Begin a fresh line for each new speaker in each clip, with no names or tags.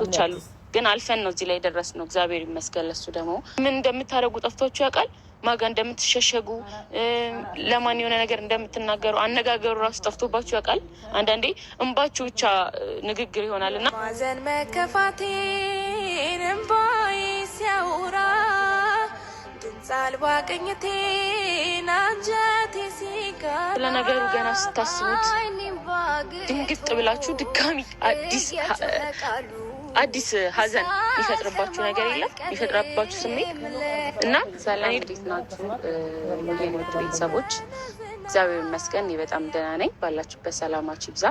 ቶች አሉ ግን አልፈን ነው እዚህ ላይ ደረስ ነው። እግዚአብሔር ይመስገን። ለሱ ደግሞ ምን እንደምታደርጉ ጠፍቷችሁ ያውቃል። ማጋ እንደምትሸሸጉ ለማን የሆነ ነገር እንደምትናገሩ አነጋገሩ ራሱ ጠፍቶባችሁ ያውቃል። አንዳንዴ እንባችሁ ብቻ ንግግር ይሆናል እና ማዘን መከፋቴን እንባይ ሲያውራ ድምፅ አልባ ቅኝቴን አንጀቴ ስለ ነገሩ ገና ስታስቡት ድንግጥ ብላችሁ ድጋሚ አዲስ አዲስ ሀዘን የሚፈጥርባችሁ ነገር የለም የሚፈጥርባችሁ ስሜት እና
ሰላም፣ እንዴት ናችሁ ቤተሰቦች? እግዚአብሔር ይመስገን እኔ በጣም ደህና ነኝ። ባላችሁበት ሰላማችሁ ይብዛ።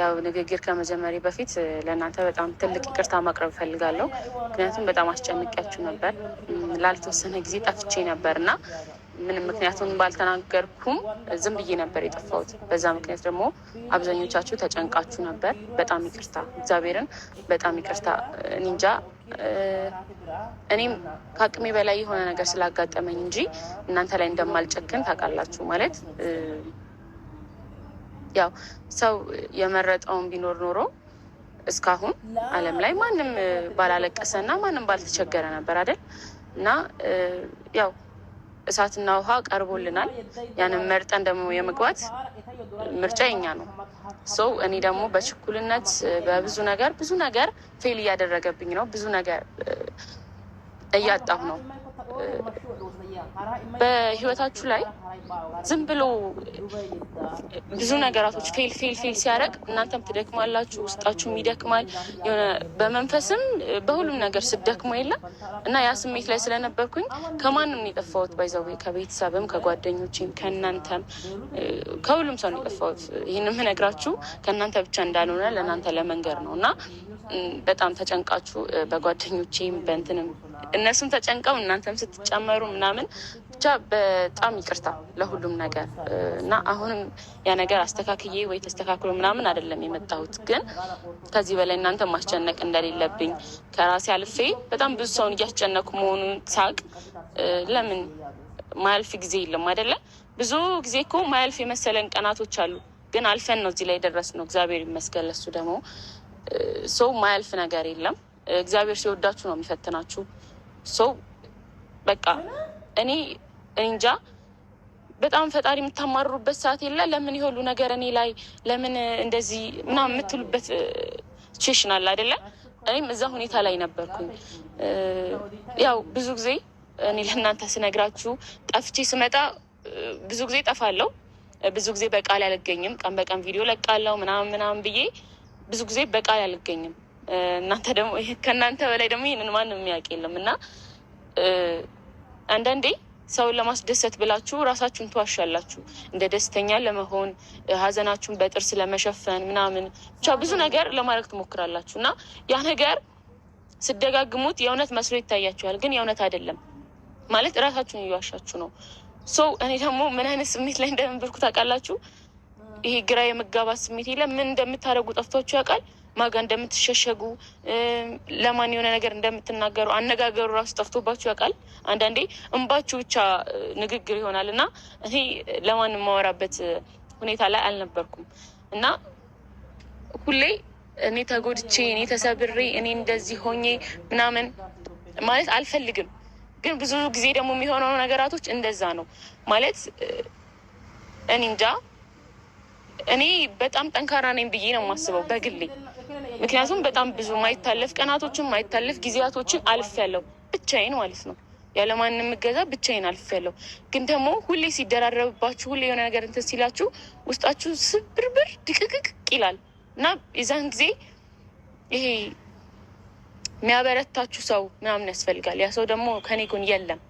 ያው ንግግር ከመጀመሪ በፊት ለእናንተ በጣም ትልቅ ይቅርታ ማቅረብ እፈልጋለሁ። ምክንያቱም በጣም አስጨንቂያችሁ ነበር። ላልተወሰነ ጊዜ ጠፍቼ ነበር እና ምንም ምክንያቱን ባልተናገርኩም ዝም ብዬ ነበር የጠፋሁት። በዛ ምክንያት ደግሞ አብዛኞቻችሁ ተጨንቃችሁ ነበር። በጣም ይቅርታ፣ እግዚአብሔርን በጣም ይቅርታ። እንጃ እኔም ከአቅሜ በላይ የሆነ ነገር ስላጋጠመኝ እንጂ እናንተ ላይ እንደማልጨክን ታውቃላችሁ። ማለት ያው ሰው የመረጠውን ቢኖር ኖሮ እስካሁን ዓለም ላይ ማንም ባላለቀሰ እና ማንም ባልተቸገረ ነበር አይደል እና ያው እሳትና ውሃ ቀርቦልናል። ያንን መርጠን ደግሞ የመግባት ምርጫ የኛ ነው። ሰው እኔ ደግሞ በችኩልነት በብዙ ነገር ብዙ ነገር ፌል እያደረገብኝ ነው። ብዙ ነገር እያጣሁ ነው። በህይወታችሁ ላይ ዝም ብሎ ብዙ ነገራቶች ፌል ፌል ፌል ሲያደርግ እናንተም ትደክማላችሁ፣ ውስጣችሁም ይደክማል። የሆነ በመንፈስም በሁሉም ነገር ስደክሞ የለም እና ያ ስሜት ላይ ስለነበርኩኝ ከማንም የጠፋሁት። ከቤተሰብም፣ ከጓደኞችም፣ ከእናንተም ከሁሉም ሰው ነው የጠፋሁት። ይህን የምነግራችሁ ከእናንተ ብቻ እንዳልሆነ ለእናንተ ለመንገር ነው እና በጣም ተጨንቃችሁ በጓደኞቼም በእንትንም እነሱም ተጨንቀው እናንተም ስትጨመሩ ምናምን ብቻ በጣም ይቅርታ ለሁሉም ነገር እና አሁንም ያ ነገር አስተካክዬ ወይ ተስተካክሎ ምናምን አይደለም የመጣሁት፣ ግን ከዚህ በላይ እናንተ ማስጨነቅ እንደሌለብኝ ከራሴ አልፌ በጣም ብዙ ሰውን እያስጨነኩ መሆኑን ሳቅ ለምን ማያልፍ ጊዜ የለም አይደለም ብዙ ጊዜ እኮ ማያልፍ የመሰለን ቀናቶች አሉ፣ ግን አልፈን ነው እዚህ ላይ ደረስ ነው። እግዚአብሔር ይመስገን ለሱ ደግሞ ሰው ማያልፍ ነገር የለም። እግዚአብሔር ሲወዳችሁ ነው የሚፈትናችሁ። ሰው በቃ እኔ እንጃ በጣም ፈጣሪ የምታማርሩበት ሰዓት የለ። ለምን የሁሉ ነገር እኔ ላይ ለምን እንደዚህ ምናምን የምትሉበት ሲቹዌሽን አለ አይደለ? እኔም እዛ ሁኔታ ላይ ነበርኩኝ። ያው ብዙ ጊዜ እኔ ለእናንተ ስነግራችሁ ጠፍቼ ስመጣ ብዙ ጊዜ ጠፋለሁ። ብዙ ጊዜ በቃል አልገኝም። ቀን በቀን ቪዲዮ ለቃለሁ ምናምን ምናምን ብዬ ብዙ ጊዜ በቃል አልገኝም። እናንተ ደግሞ ከእናንተ በላይ ደግሞ ይህንን ማንም የሚያውቅ የለም እና አንዳንዴ ሰውን ለማስደሰት ብላችሁ ራሳችሁን ትዋሻላችሁ። እንደ ደስተኛ ለመሆን ሀዘናችሁን በጥርስ ለመሸፈን ምናምን ብቻ ብዙ ነገር ለማድረግ ትሞክራላችሁ እና ያ ነገር ስደጋግሙት የእውነት መስሎ ይታያችኋል፣ ግን የእውነት አይደለም። ማለት ራሳችሁን እየዋሻችሁ ነው። ሶ እኔ ደግሞ ምን አይነት ስሜት ላይ እንደምንብርኩ ታውቃላችሁ። ይሄ ግራ የመጋባት ስሜት የለም ምን እንደምታደርጉ ጠፍቷችሁ ያውቃል። ማጋ እንደምትሸሸጉ ለማን የሆነ ነገር እንደምትናገሩ አነጋገሩ ራሱ ጠፍቶባችሁ ያውቃል። አንዳንዴ እንባችሁ ብቻ ንግግር ይሆናል እና እኔ ለማን የማወራበት ሁኔታ ላይ አልነበርኩም እና ሁሌ እኔ ተጎድቼ እኔ ተሰብሬ እኔ እንደዚህ ሆኜ ምናምን ማለት አልፈልግም። ግን ብዙ ጊዜ ደግሞ የሚሆነው ነገራቶች እንደዛ ነው ማለት እኔ እንጃ እኔ በጣም ጠንካራ ነኝ ብዬ ነው የማስበው በግሌ ምክንያቱም በጣም ብዙ ማይታለፍ ቀናቶችን ማይታለፍ ጊዜያቶችን ያለው ብቻዬን ማለት ነው። ያለማንም እገዛ ብቻዬን ያለው ግን ደግሞ ሁሌ ሲደራረብባችሁ፣ ሁሌ የሆነ ነገር እንትን ሲላችሁ ውስጣችሁ ስብርብር ድቅቅቅ ይላል እና የዛን ጊዜ ይሄ የሚያበረታችሁ ሰው ምናምን ያስፈልጋል። ያ ሰው ደግሞ ከኔ ጎን የለም፣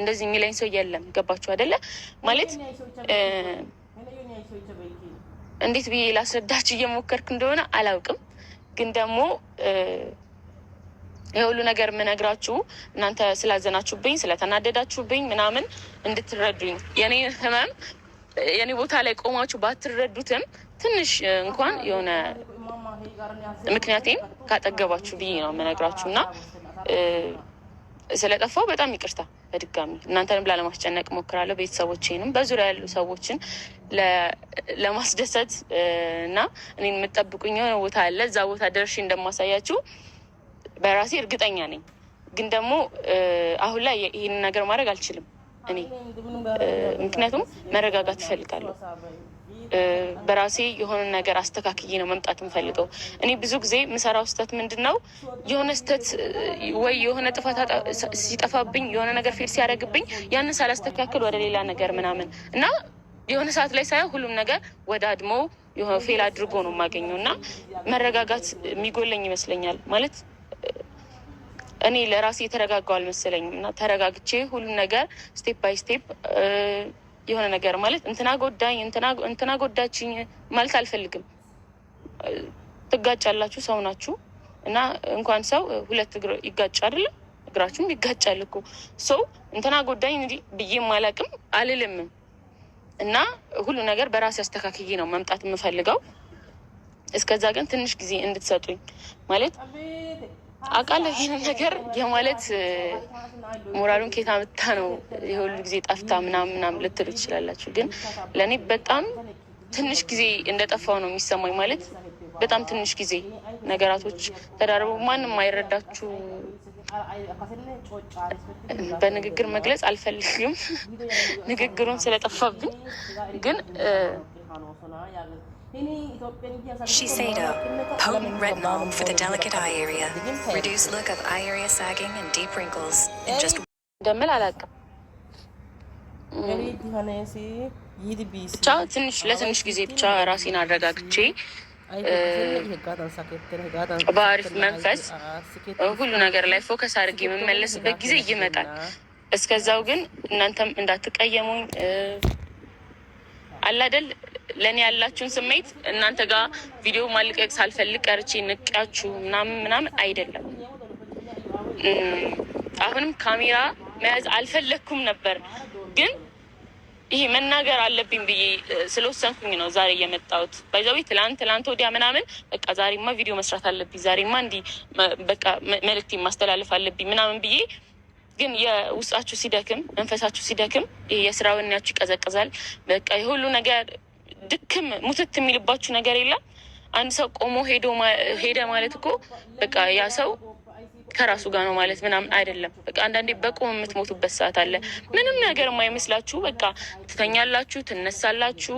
እንደዚህ የሚለኝ ሰው የለም። ገባችሁ አይደለ? ማለት እንዴት ብዬ ላስረዳችሁ እየሞከርክ እንደሆነ አላውቅም። ግን ደግሞ የሁሉ ነገር የምነግራችሁ እናንተ ስላዘናችሁብኝ ስለተናደዳችሁብኝ ምናምን እንድትረዱኝ የኔ ህመም የኔ ቦታ ላይ ቆማችሁ ባትረዱትም ትንሽ እንኳን የሆነ ምክንያቴም ካጠገባችሁ ብዬ ነው የምነግራችሁ እና ስለጠፋው በጣም ይቅርታ። በድጋሚ እናንተንም ላለማስጨነቅ ሞክራለሁ። ቤተሰቦችንም በዙሪያ ያሉ ሰዎችን ለማስደሰት እና እኔ የምጠብቁኝ የሆነ ቦታ አለ። እዛ ቦታ ደርሼ እንደማሳያችሁ በራሴ እርግጠኛ ነኝ። ግን ደግሞ አሁን ላይ ይህንን ነገር ማድረግ አልችልም እኔ ምክንያቱም መረጋጋት እፈልጋለሁ። በራሴ የሆነ ነገር አስተካክዬ ነው መምጣት የምፈልገው። እኔ ብዙ ጊዜ ምሰራው ስህተት ምንድን ነው የሆነ ስህተት ወይ የሆነ ጥፋት ሲጠፋብኝ የሆነ ነገር ፌል ሲያደርግብኝ ያንን ሳላስተካክል ወደ ሌላ ነገር ምናምን እና የሆነ ሰዓት ላይ ሳይሆን ሁሉም ነገር ወደ አድሞ ፌል አድርጎ ነው የማገኘው እና መረጋጋት የሚጎለኝ ይመስለኛል ማለት እኔ ለራሴ የተረጋጋው አልመሰለኝም እና ተረጋግቼ ሁሉም ነገር ስቴፕ ባይ ስቴፕ የሆነ ነገር ማለት እንትና ጎዳኝ እንትና ጎዳችኝ ማለት አልፈልግም። ትጋጫላችሁ፣ ሰው ናችሁ እና እንኳን ሰው ሁለት እግር ይጋጭ አይደለም እግራችሁም ይጋጫል እኮ ሰው እንትና ጎዳኝ እንዲ ብዬም አላቅም አልልም እና ሁሉ ነገር በራሴ አስተካክዬ ነው መምጣት የምፈልገው። እስከዛ ግን ትንሽ ጊዜ እንድትሰጡኝ ማለት አውቃለሁ ይህን ነገር የማለት ሞራሉን ኬታ ምታ ነው የሁሉ ጊዜ ጠፍታ ምናምን ምናምን ልትሉ ትችላላችሁ። ግን ለእኔ በጣም ትንሽ ጊዜ እንደጠፋው ነው የሚሰማኝ። ማለት በጣም ትንሽ ጊዜ ነገራቶች ተዳርበው ማንም አይረዳችሁ። በንግግር መግለጽ አልፈልግም፣ ንግግሩን ስለጠፋብኝ ግን Shiseido, potent retinol for the delicate eye area. Reduce look of eye area sagging and deep wrinkles in just እንደምል አላውቅም። ብቻ ትንሽ ለትንሽ ጊዜ ብቻ ራሴን አረጋግቼ በአሪፍ መንፈስ ሁሉ ነገር ላይ ፎከስ አድርጌ የምመለስበት ጊዜ ይመጣል። እስከዛው ግን እናንተም እንዳትቀየሙኝ አላደል ለእኔ ያላችሁን ስሜት እናንተ ጋር ቪዲዮ ማልቀቅ ሳልፈልግ ቀርቼ ንቅያችሁ ምናምን ምናምን አይደለም። አሁንም ካሜራ መያዝ አልፈለግኩም ነበር፣ ግን ይሄ መናገር አለብኝ ብዬ ስለወሰንኩኝ ነው ዛሬ የመጣሁት። ባይዛዊ ትላንት ትላንት ወዲያ ምናምን በቃ ዛሬማ ቪዲዮ መስራት አለብኝ፣ ዛሬማ እንዲህ በቃ መልእክቴ ማስተላለፍ አለብኝ ምናምን ብዬ ግን የውስጣችሁ ሲደክም መንፈሳችሁ ሲደክም የስራ ወኔያችሁ ይቀዘቅዛል። በቃ የሁሉ ነገር ድክም ሙትት የሚልባችሁ ነገር የለም። አንድ ሰው ቆሞ ሄደ ማለት እኮ በቃ ያ ሰው ከራሱ ጋር ነው ማለት ምናምን አይደለም። በቃ አንዳንዴ በቁም የምትሞቱበት ሰዓት አለ። ምንም ነገር የማይመስላችሁ በቃ ትተኛላችሁ፣ ትነሳላችሁ፣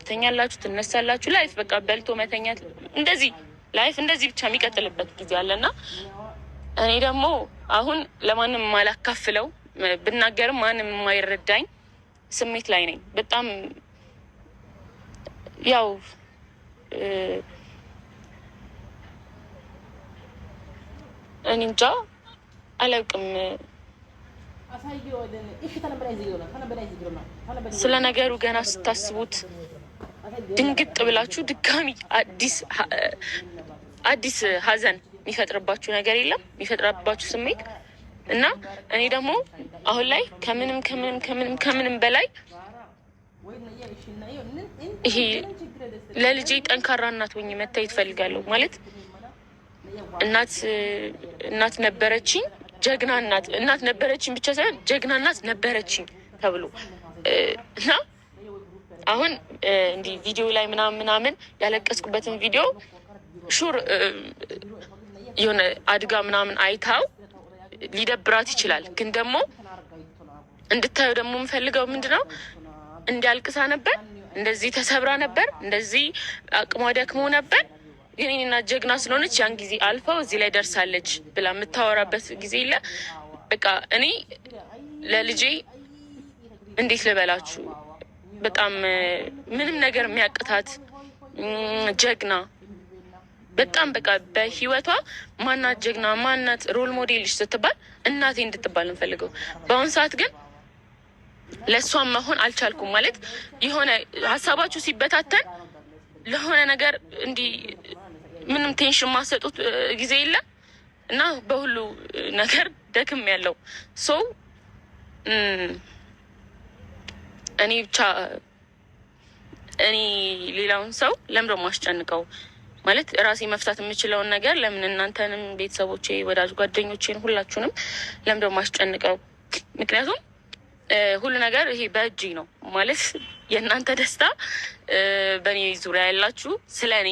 ትተኛላችሁ፣ ትነሳላችሁ። ላይፍ በቃ በልቶ መተኛት እንደዚህ ላይፍ እንደዚህ ብቻ የሚቀጥልበት ጊዜ አለና እኔ ደግሞ አሁን ለማንም የማላካፍለው ብናገርም ማንም የማይረዳኝ ስሜት ላይ ነኝ። በጣም ያው እኔ እንጃ አላውቅም። ስለ ነገሩ ገና ስታስቡት ድንግጥ ብላችሁ ድጋሚ አዲስ አዲስ ሀዘን የሚፈጥርባችሁ ነገር የለም የሚፈጥርባችሁ ስሜት እና እኔ ደግሞ አሁን ላይ ከምንም ከምንም ከምንም ከምንም በላይ ይሄ ለልጄ ጠንካራ እናት ሆኜ መታየት እፈልጋለሁ። ማለት እናት እናት ነበረችኝ ጀግና እናት እናት ነበረችኝ ብቻ ሳይሆን ጀግና እናት ነበረችኝ ተብሎ እና አሁን እንዲህ ቪዲዮ ላይ ምናምን ምናምን ያለቀስኩበትን ቪዲዮ ሹር የሆነ አድጋ ምናምን አይታው ሊደብራት ይችላል። ግን ደግሞ እንድታዩ ደግሞ የምፈልገው ምንድነው እንዲያልቅሳ ነበር፣ እንደዚህ ተሰብራ ነበር፣ እንደዚህ አቅሟ ደክሞ ነበር ግን እኔና ጀግና ስለሆነች ያን ጊዜ አልፈው እዚህ ላይ ደርሳለች ብላ የምታወራበት ጊዜ የለ። በቃ እኔ ለልጄ እንዴት ልበላችሁ በጣም ምንም ነገር የሚያቅታት ጀግና በጣም በቃ በህይወቷ ማናት ጀግና ማናት ሮል ሞዴልሽ ስትባል እናቴ እንድትባል እንፈልገው። በአሁን ሰዓት ግን ለእሷም መሆን አልቻልኩም። ማለት የሆነ ሀሳባችሁ ሲበታተን ለሆነ ነገር እንዲህ ምንም ቴንሽን ማሰጡት ጊዜ የለም እና በሁሉ ነገር ደክም ያለው ሰው እኔ ብቻ እኔ ሌላውን ሰው ለምደ ማስጨንቀው ማለት ራሴ መፍታት የምችለውን ነገር ለምን እናንተንም፣ ቤተሰቦቼ፣ ወዳጅ ጓደኞቼን፣ ሁላችሁንም ለምን ደግሞ አስጨንቀው? ምክንያቱም ሁሉ ነገር ይሄ በእጅ ነው ማለት የእናንተ ደስታ በእኔ ዙሪያ ያላችሁ ስለ እኔ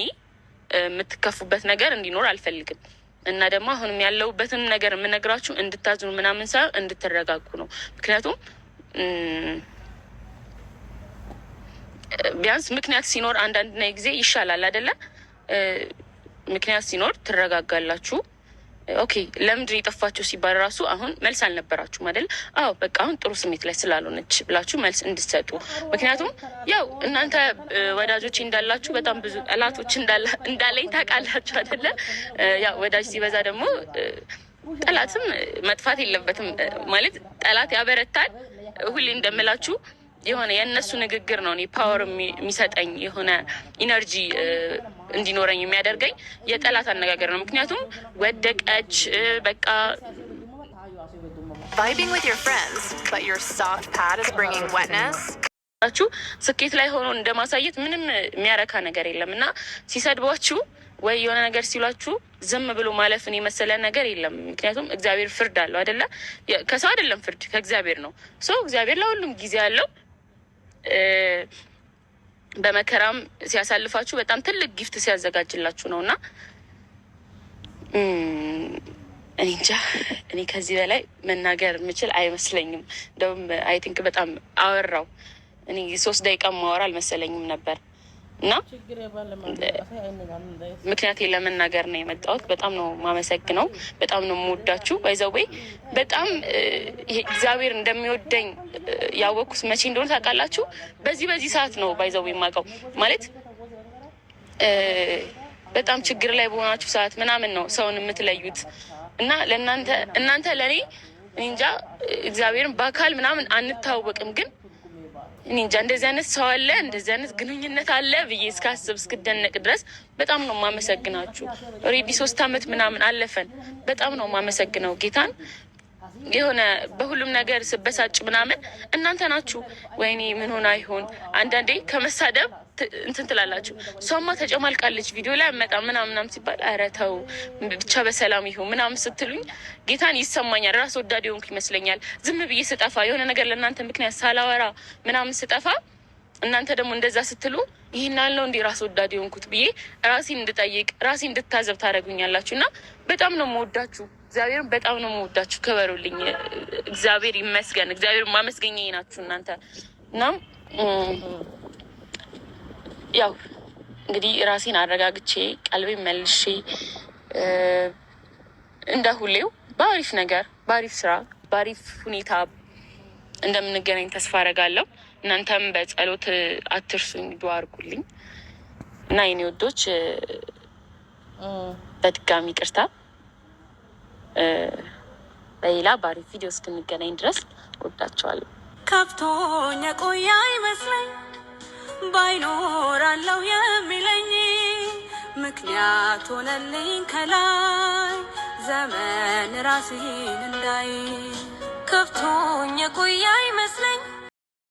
የምትከፉበት ነገር እንዲኖር አልፈልግም። እና ደግሞ አሁንም ያለሁበትን ነገር የምነግራችሁ እንድታዝኑ ምናምን ሳይሆን እንድትረጋጉ ነው። ምክንያቱም ቢያንስ ምክንያት ሲኖር አንዳንድ ጊዜ ይሻላል አይደለም ምክንያት ሲኖር ትረጋጋላችሁ። ኦኬ ለምንድን የጠፋችሁ ሲባል ራሱ አሁን መልስ አልነበራችሁ አይደል? አዎ በቃ አሁን ጥሩ ስሜት ላይ ስላልሆነች ብላችሁ መልስ እንድትሰጡ። ምክንያቱም ያው እናንተ ወዳጆች እንዳላችሁ በጣም ብዙ ጠላቶች እንዳለኝ ታውቃላችሁ አይደለ? ያው ወዳጅ ሲበዛ ደግሞ ጠላትም መጥፋት የለበትም ማለት ጠላት ያበረታል። ሁሌ እንደምላችሁ የሆነ የእነሱ ንግግር ነው እኔ ፓወር የሚሰጠኝ የሆነ ኢነርጂ እንዲኖረኝ የሚያደርገኝ የጠላት አነጋገር ነው። ምክንያቱም ወደቀች በቃ ችሁ ስኬት ላይ ሆኖ እንደማሳየት ምንም የሚያረካ ነገር የለም እና ሲሰድቧችሁ ወይ የሆነ ነገር ሲሏችሁ ዝም ብሎ ማለፍን የመሰለ ነገር የለም። ምክንያቱም እግዚአብሔር ፍርድ አለው አይደለ? ከሰው አይደለም ፍርድ ከእግዚአብሔር ነው። ሰው እግዚአብሔር ለሁሉም ጊዜ አለው። በመከራም ሲያሳልፋችሁ በጣም ትልቅ ጊፍት ሲያዘጋጅላችሁ ነው እና እኔ እንጃ እኔ ከዚህ በላይ መናገር የምችል አይመስለኝም። እንደውም አይ ቲንክ በጣም አወራው። እኔ ሶስት ደቂቃ ማወራ አልመሰለኝም ነበር። እና ምክንያት ለመናገር ነው የመጣሁት። በጣም ነው ማመሰግነው። በጣም ነው የምወዳችሁ። ባይዘዌ በጣም ይሄ እግዚአብሔር እንደሚወደኝ ያወቅኩት መቼ እንደሆነ ታውቃላችሁ? በዚህ በዚህ ሰዓት ነው ባይዘዌ የማውቀው ማለት በጣም ችግር ላይ በሆናችሁ ሰዓት ምናምን ነው ሰውን የምትለዩት እና ለእናንተ እናንተ ለእኔ እንጃ እግዚአብሔርን በአካል ምናምን አንታወቅም ግን እኔ እንጃ እንደዚህ አይነት ሰው አለ እንደዚህ አይነት ግንኙነት አለ ብዬ እስካስብ እስክደነቅ ድረስ በጣም ነው ማመሰግናችሁ። ኦልሬዲ ሶስት አመት ምናምን አለፈን። በጣም ነው ማመሰግነው ጌታን የሆነ በሁሉም ነገር ስበሳጭ ምናምን እናንተ ናችሁ። ወይኔ ምን ሆና ይሆን አንዳንዴ ከመሳደብ እንትን ትላላችሁ። እሷማ ተጨማልቃለች ቪዲዮ ላይ አመጣ ምናምናም ሲባል ኧረ ተው ብቻ በሰላም ይሁን ምናምን ስትሉኝ ጌታን ይሰማኛል። ራስ ወዳድ የሆንኩ ይመስለኛል። ዝም ብዬ ስጠፋ የሆነ ነገር ለእናንተ ምክንያት ሳላወራ ምናምን ስጠፋ እናንተ ደግሞ እንደዛ ስትሉ ይህን አለው እንዲህ ራስ ወዳድ የሆንኩት ብዬ ራሴን እንድጠይቅ ራሴን እንድታዘብ ታደርጉኛላችሁ እና በጣም ነው መወዳችሁ። እግዚአብሔርን በጣም ነው መወዳችሁ። ክበሩልኝ። እግዚአብሔር ይመስገን። እግዚአብሔር ማመስገኛ ናችሁ እናንተ እናም ያው እንግዲህ ራሴን አረጋግቼ ቀልቤን መልሼ እንደ ሁሌው በአሪፍ ነገር በአሪፍ ስራ በአሪፍ ሁኔታ እንደምንገናኝ ተስፋ አረጋለሁ። እናንተም በጸሎት አትርሱኝ፣ ዱአ እና የኔ ወዶች በድጋሚ ቅርታ በሌላ በአሪፍ ቪዲዮ እስክንገናኝ ድረስ ወዳቸዋለሁ። ከፍቶኝ የቆየ አይመስለኝ ባይኖራለሁ የሚለኝ ምክንያት ሆነልኝ ከላይ ዘመን ራሴን እንዳይ ከፍቶኝ የቆየ አይመስለኝ